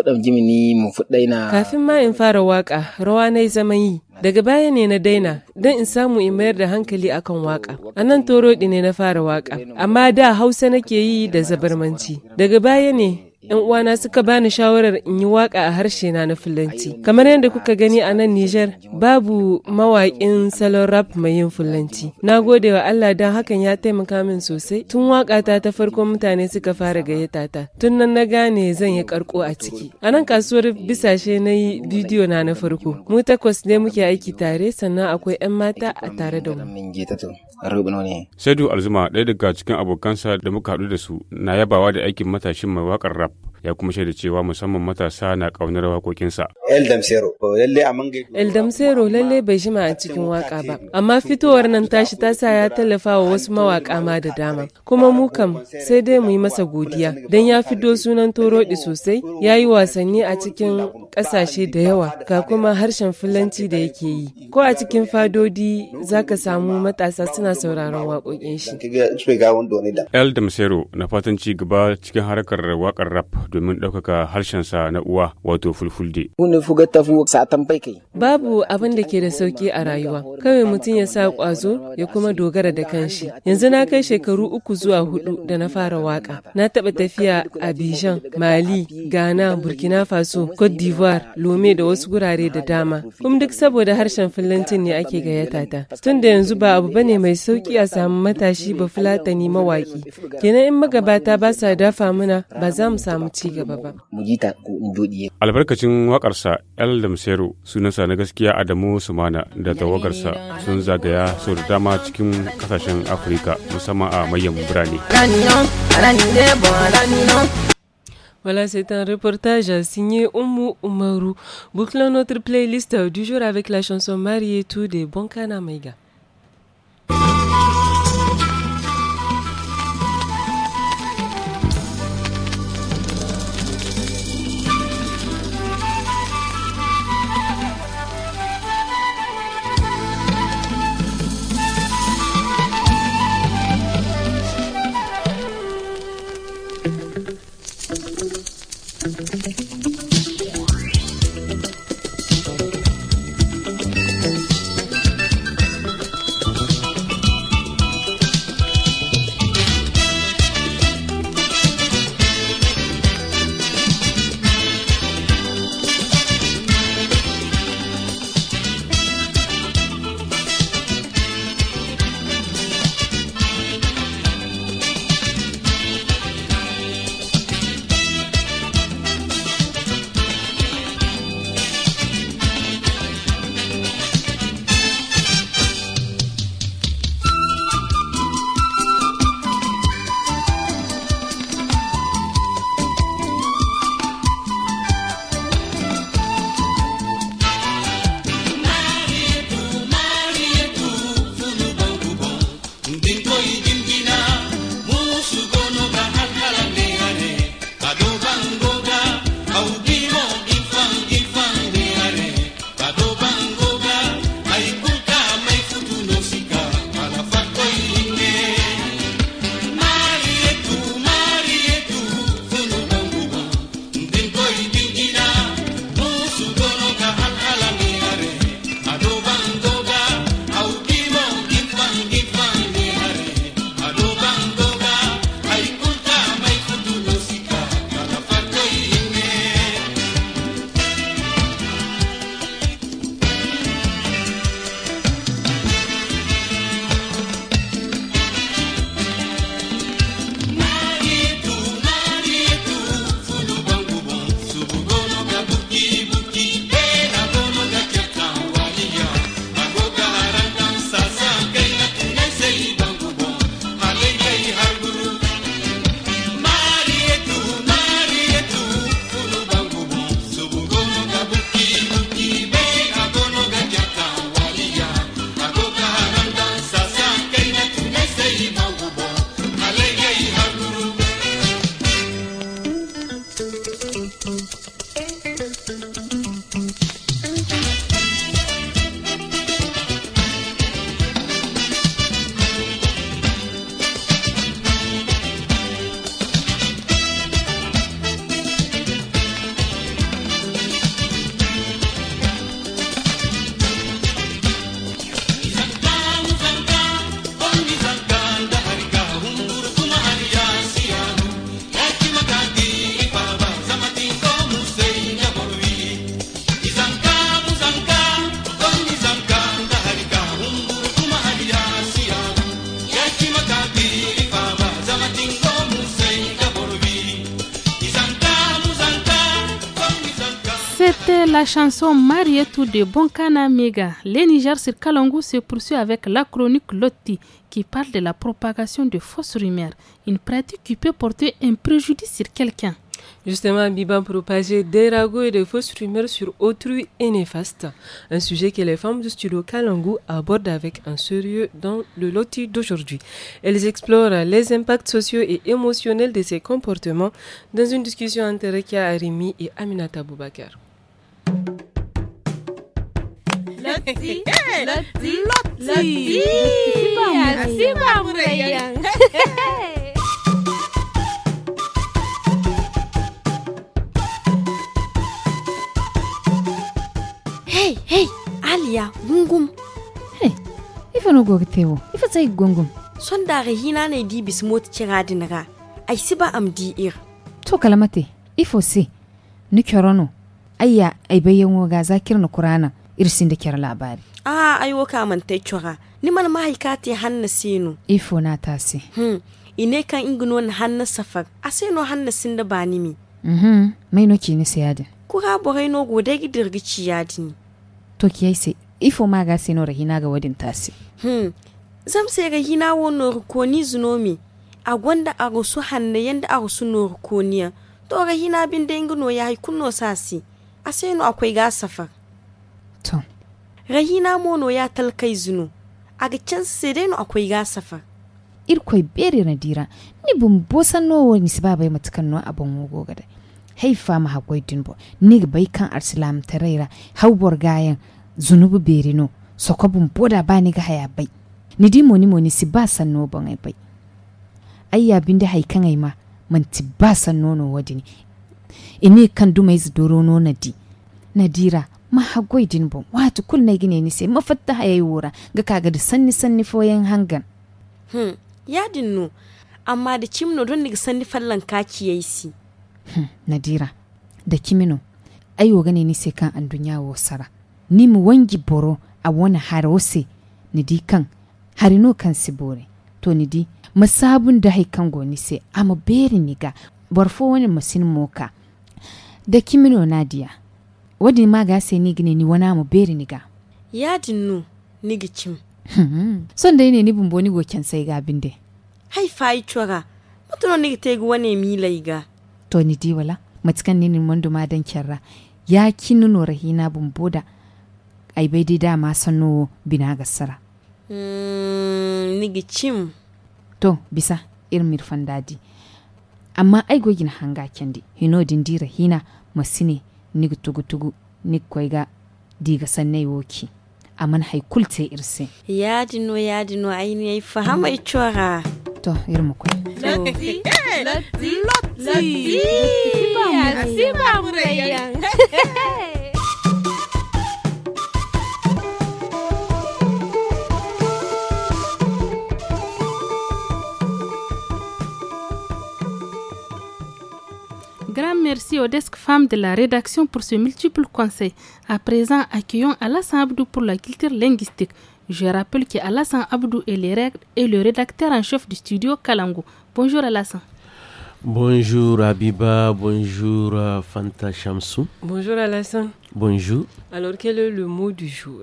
ma in fara waka, rawa na zaman yi. Daga baya ne na daina don in samu in mayar da hankali akan waka. A nan Torodi ne na fara waka, amma da Hausa nake yi da zabarmanci. Daga baya ne 'yan uwana suka bani shawarar in yi waka a harshe na na Fulanci. Kamar yadda kuka gani a nan Nijar, babu mawaƙin salon rap mai yin fulanci. Na gode wa Allah don hakan ya taimaka min sosai. Tun waƙata ta farko mutane suka fara gayyata ta. Tun nan na gane zan yi karko a ciki. A nan kasuwar bisashe na yi bidiyo na na farko. Mu takwas ne muke aiki tare sannan akwai 'yan mata a tare da mu. Shaidu Alzuma ɗaya daga cikin abokansa da muka haɗu da su na yabawa da aikin matashin mai waƙar rap. ya kuma shaida cewa musamman matasa na ƙaunar waƙoƙinsa. El lalle bai shima a cikin waka ba amma fitowar nan tashi ta sa ya tallafa wa wasu mawaƙa ma da dama kuma mu kam sai dai mu yi masa godiya don ya fito sunan toroɗi sosai ya yi wasanni a cikin ƙasashe da yawa ga kuma harshen fulanci da yake yi ko a cikin fadodi za ka samu matasa suna sauraron waƙoƙin shi. El na fatan ci gaba cikin harkar wakar rap domin ɗaukaka harshensa na uwa wato fulfulde. Babu abin da ke da sauki a rayuwa, kawai mutum ya sa ƙwazo ya kuma dogara da kanshi. Yanzu na kai shekaru uku zuwa hudu da na fara waƙa. Na taɓa tafiya a Bijan, Mali, Ghana, Burkina Faso, Cote d'Ivoire, Lome da wasu gurare da dama. kum duk saboda harshen Filantin ne ake gayyata ta. Tun da yanzu ba abu bane mai sauki a samu matashi ba Fulatani mawaki. Kenan in magabata ba sa dafa mana ba za mu samu ci ci gaba ba. Albarkacin wakarsa El Damsero sunansa na gaskiya Adamu Sumana da tawagarsa sun zagaya sau da dama cikin kasashen Afirka musamman a mayan birane. Voilà, c'est un reportage signé Oumu Umaru. Bouclons notre playlist du jour avec la chanson Marie et tout de Bonkana Maiga. chanson Marietou de Boncana Mega, les Niger sur Kalangou se poursuit avec la chronique Loti, qui parle de la propagation de fausses rumeurs, une pratique qui peut porter un préjudice sur quelqu'un. Justement, Biban propageait des ragots et des fausses rumeurs sur autrui et néfaste, un sujet que les femmes du studio Kalangu abordent avec un sérieux dans le loti d'aujourd'hui. Elles explorent les impacts sociaux et émotionnels de ces comportements dans une discussion entre Rekia Arimi et Aminata Boubakar. loti loti loti asiba murayang hey hey aliya gungum hey ifa no gogtewo ifa sai gungum son dare hina ne di bismot ciradi naga ai siba am di ir to kalamate ifo si ni kyorono ayya ai bayan waga zakir na kurana da kyar labari a ah, aiwo kamantai ni mana mahaika te hannu sinu ifo na tasi hmm. ine kan ingino na hannu safar a hannu sin da ba nimi mhm mai no kini yadin. Ku kura borai no gode gidirgi ci yadi ni to kiyai se ifo ma ga sino rahina ga wadin tasi hmm zam sai rahina wono rukoni zunomi a gwanda a rusu hannu yadda a rusu no niya. to rahina bin da ingino ya yi kunno sasi a sino akwai ga safar mutum. rahina mono ya talkai zunu a ga can sai dai no akwai gasafa Irkwai beri na dira ni bun bosan nowa ni si babai matukan no abin wogo gada haifa ma hakoi dinbo ni ga bai kan arsilam raira, haubor gayan zunubu beri no soko bun boda ba ni ga haya bai ni di moni moni si ba san no bon ai bai ayya bin da haikan ai ma man ti ba san nono wadini Ini kan dumai zidoro no na di nadira ma hagwai dinbo watu kul na gine ni sai mafatta hayai wura ga kaga da sanni sanni foyen hangan hmm ya dinnu amma da kimno don ni sanni fallan kaki yayi si hmm. nadira da kimino ayo gane ni sai kan an dunya wo sara ni mu wangi boro a wani harose ni di kan harino kan sibore to ni di masabun da haikan goni sai amma beri ni ga barfo wani masin moka da kimino nadia wadi ma ga se ni gine ni wana mu beri ni ga ya dinnu ni gicim hmm, hmm. son dai ne ni bumbo ni goken sai ga binde hai fai chwaga mutuno ni te go wane mi lai ga to ni di wala matikan ni ni mondo ma dan kyarra ya kinu no rahina bumbo da ai bai dai dama sanno bina ga sara mm, ni gicim to bisa irmir fandadi amma ai gogin hanga kendi hino dindira hina masine nigtugutugu nigkoyga diigasanay woki aman hay kulte irse yaadino yaadino ayniyay fahamay ichwara to irumukwe Lotzi! Lotzi! Lotzi! Lotzi! Lotzi! grand merci aux desk femmes de la rédaction pour ce multiple conseil. À présent, accueillons Alassane Abdou pour la culture linguistique. Je rappelle qu'Alassane Abdou est le rédacteur en chef du studio Kalango. Bonjour Alassane. Bonjour Abiba, bonjour euh, Fanta Chamsou. Bonjour Alassane. Bonjour. Alors quel est le mot du jour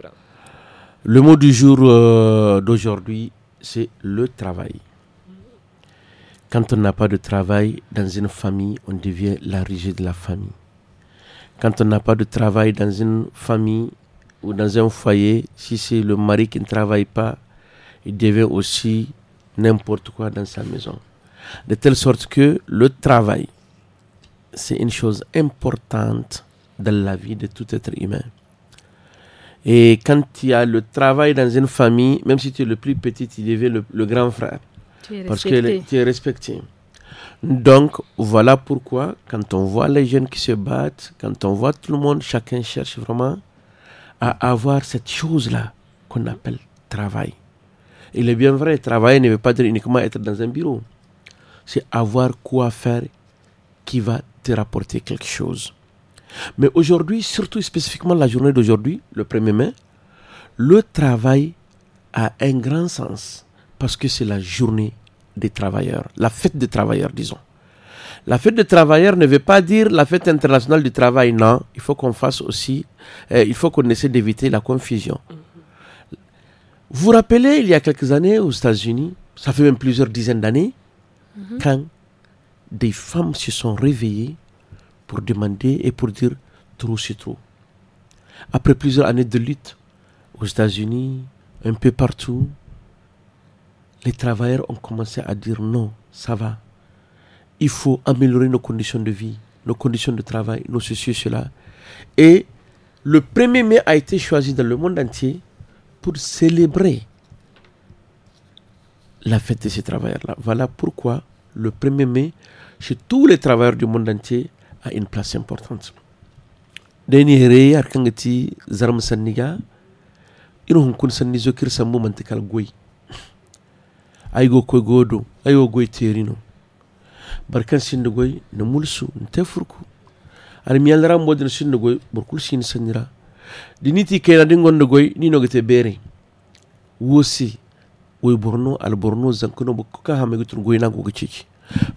Le mot du jour euh, d'aujourd'hui, c'est le travail. Quand on n'a pas de travail dans une famille, on devient la rigide de la famille. Quand on n'a pas de travail dans une famille ou dans un foyer, si c'est le mari qui ne travaille pas, il devient aussi n'importe quoi dans sa maison. De telle sorte que le travail, c'est une chose importante dans la vie de tout être humain. Et quand il y a le travail dans une famille, même si tu es le plus petit, il devient le grand frère parce que tu es respecté. Donc voilà pourquoi quand on voit les jeunes qui se battent, quand on voit tout le monde, chacun cherche vraiment à avoir cette chose-là qu'on appelle travail. Il est bien vrai, travailler ne veut pas dire uniquement être dans un bureau. C'est avoir quoi faire qui va te rapporter quelque chose. Mais aujourd'hui, surtout spécifiquement la journée d'aujourd'hui, le 1er mai, le travail a un grand sens parce que c'est la journée des travailleurs, la fête des travailleurs, disons. La fête des travailleurs ne veut pas dire la fête internationale du travail, non. Il faut qu'on fasse aussi, euh, il faut qu'on essaie d'éviter la confusion. Vous mm-hmm. vous rappelez, il y a quelques années aux États-Unis, ça fait même plusieurs dizaines d'années, mm-hmm. quand des femmes se sont réveillées pour demander et pour dire trop c'est trop. Après plusieurs années de lutte aux États-Unis, un peu partout, les travailleurs ont commencé à dire non, ça va. Il faut améliorer nos conditions de vie, nos conditions de travail, nos ceci, cela. Et le 1er mai a été choisi dans le monde entier pour célébrer la fête de ces travailleurs-là. Voilà pourquoi le 1er mai, chez tous les travailleurs du monde entier, a une place importante. go koy godo aigo goy terino barkan sindigoy na mulsu ta furku ani miyaldaran bodin sindigoy borkul sin sanira diniti kena din ni ninogete bere wosi goy borno al borno zankuno bokko ka na goynagoga cici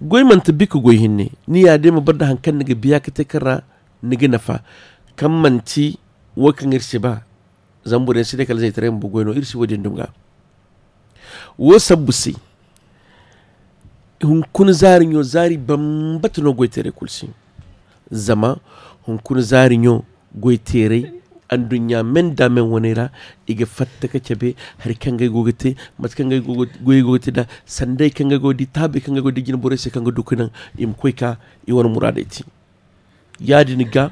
goy manta bikka goy hinne ni ya dema badda hankan ka biyakate ni niga nafa kan manti wakan irsi ba zambure side kala zai tare mu goyno irsi wajen dumga wo sabbusi hun kun zari yo zari bambatu no goitere kulsi zama hun kun zari yo goitere an dunya men da men ra, iga fatta ka cebe har kan ga gogate mat kan ga goyi gogate da sandai kan ga godi tabe kan ga godi gin bore se kan ga dukunan im koika i wani murada ti ya diniga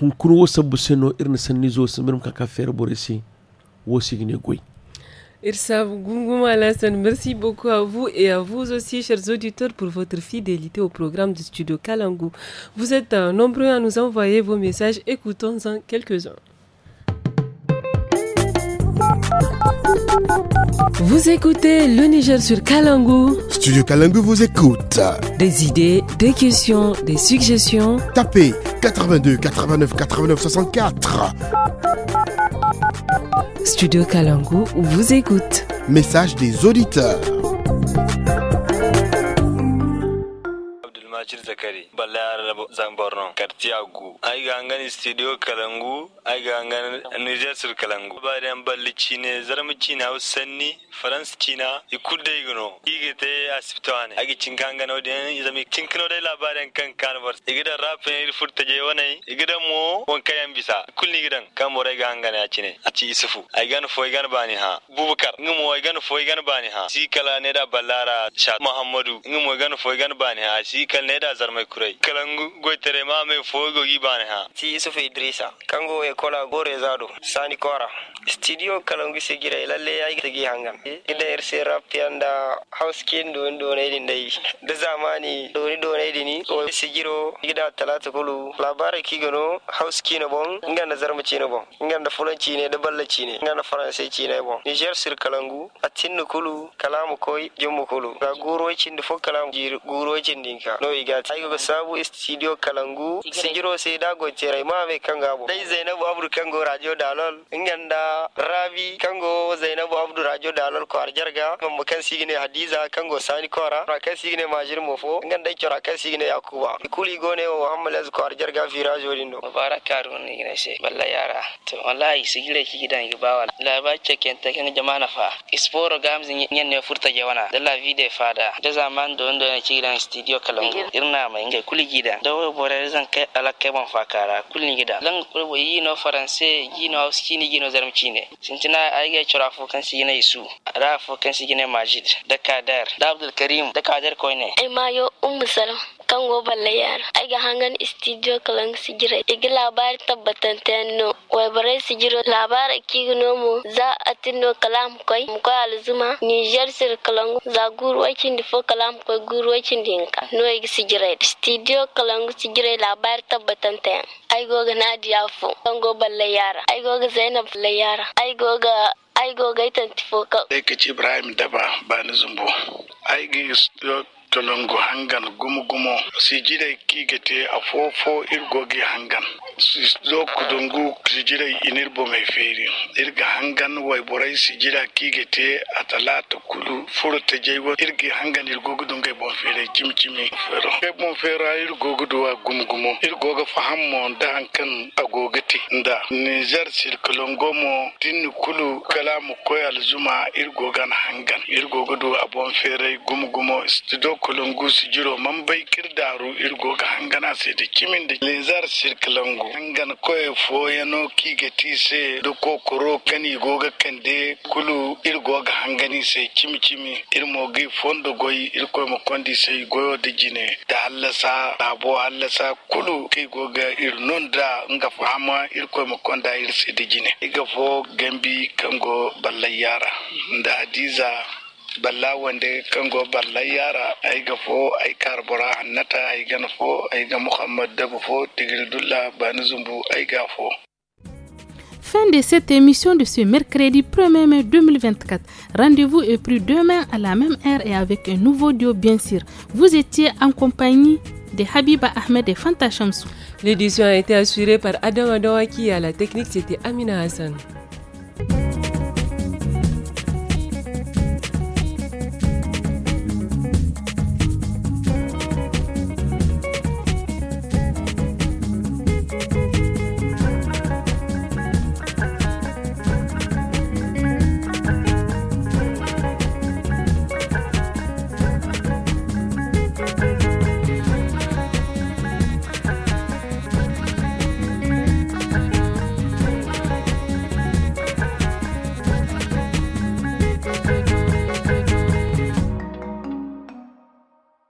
hun kun wo sabbu seno irna sanni zo sun kan ka fere bore se wo sigine goyi Irsa merci beaucoup à vous et à vous aussi, chers auditeurs, pour votre fidélité au programme du studio Kalangu. Vous êtes euh, nombreux à nous envoyer vos messages, écoutons-en quelques-uns. Vous écoutez le Niger sur Kalangu. Studio Kalangu vous écoute. Des idées, des questions, des suggestions. Tapez 82 89 89 64. Studio Kalangu vous écoute. Message des auditeurs. abubakar zakari balla zangborno zan borno kartiyagu ai ga ngani studio kalangu ai ga ngani niger sir kalangu baden balli cine zarmi cina sanni france cina ikudde igno igete asiptoane agi no de izami cinkino de la labaren kan kanvers igida rapen ir furta je wonai igida mo won kayan bisa kulni gidan kam kan borai gangana acine aci isufu ai ga no fo ga bani ha bubakar ngumo ai no fo ga bani ha si kala ne da balara sha muhammadu ngumo no fo ga bani ha si kala ne da zarmai kurai kalangu goitere ma mai fogo gi bane ha ti yusuf idrisa kango e kola gore zado sani kora studio kalangu se gira lalle ya gi gi hangan ida er se rap yanda house kin do do ne din dai da zamani do ni do ne din ni o se giro gida talata kulu labare ki gano house kin bon ngana zarma ci ne bon ngana fulanci ne da ballaci ne ngana faransanci ne bon niger sir kalangu atinnu kulu kalamu koi jummu kulu ga guro e cin da fo kalamu guro e cin dinka no ga ai ga sabu studio kalangu sigiro se da go cere ma kan gabo dai zainabu abdu kango radio dalol inganda rabi kango zainabu abdu radio dalol ko arjarga mamma kan sigine hadiza kango sani kora ra kan sigine majir mofo ki ra kan sigine yakuba kuli gone o az ko arjarga fi radio dindo mubaraka run ne se balla yara to wallahi sigire ki gidan bawa la ba ken ta kan jama'a fa isporo gamzin yanne furta jawana dalla vide fada da zaman don don ki gidan studio kalangu irna ma inga kuligida wai bore zan kai ala kai ban fakara kuligida lan ko yi no faranse yi no skini yi no zarmcine sintina ai ga chura fo kan si ne isu rafu kan si ne majid da kadar da abdul karim da kadar koine ai mayo ummu salam kan go balla yara aiga hangan studio kalan sigire igi labar tabbatan tenno wai bare jiro. labar kigno mo za atinno kalam koi mu koi alzuma niger sir kalangu za guru wakin difo kalam koi guru wakin dinka no igi sigire studio kalangu sigire labar tabbatan ten aigo ga nadia fo kan go balla yara aigo ga zainab balla yara aigo ga aigo ga itantifo ka ibrahim daba bani zumbo aigi studio tolongo hangan gumo gumo si jiɗay kiigete a fof fo irgogi hangan zo kudungu sijira inir bome feri irga hangan wai borai sijira te atalata kulu furo te jaiwa irga hangan ir gogudunga bon fere chim chimi fero ke bon fera ir goguduwa gumgumo ir goga fahammo da hankan agogati nda nizar circulon gomo din kulu kalamu koyal zuma ir gogan hangan ir a abon fere gumgumo stido kulungu sijiro mambai kirdaru ir goga hangana sai da kimin da niger circulon ngan koye ki kigeti se do kokoro kani goga kande kulu ir goga hangani se cimicimi ir mogi fondo goyi ir ko mo kondi se goyo de jine da bo Allah sa kulu kai goga ir non da nga fama ir koye mo konda ir se de jine iga fo gambi kango ballayara da diza. kango Fin de cette émission de ce mercredi 1er mai 2024. Rendez-vous est pris demain à la même heure et avec un nouveau duo bien sûr. Vous étiez en compagnie de Habiba Ahmed et Fanta Chamsou. L'édition a été assurée par Adam qui à la technique, c'était Amina Hassan.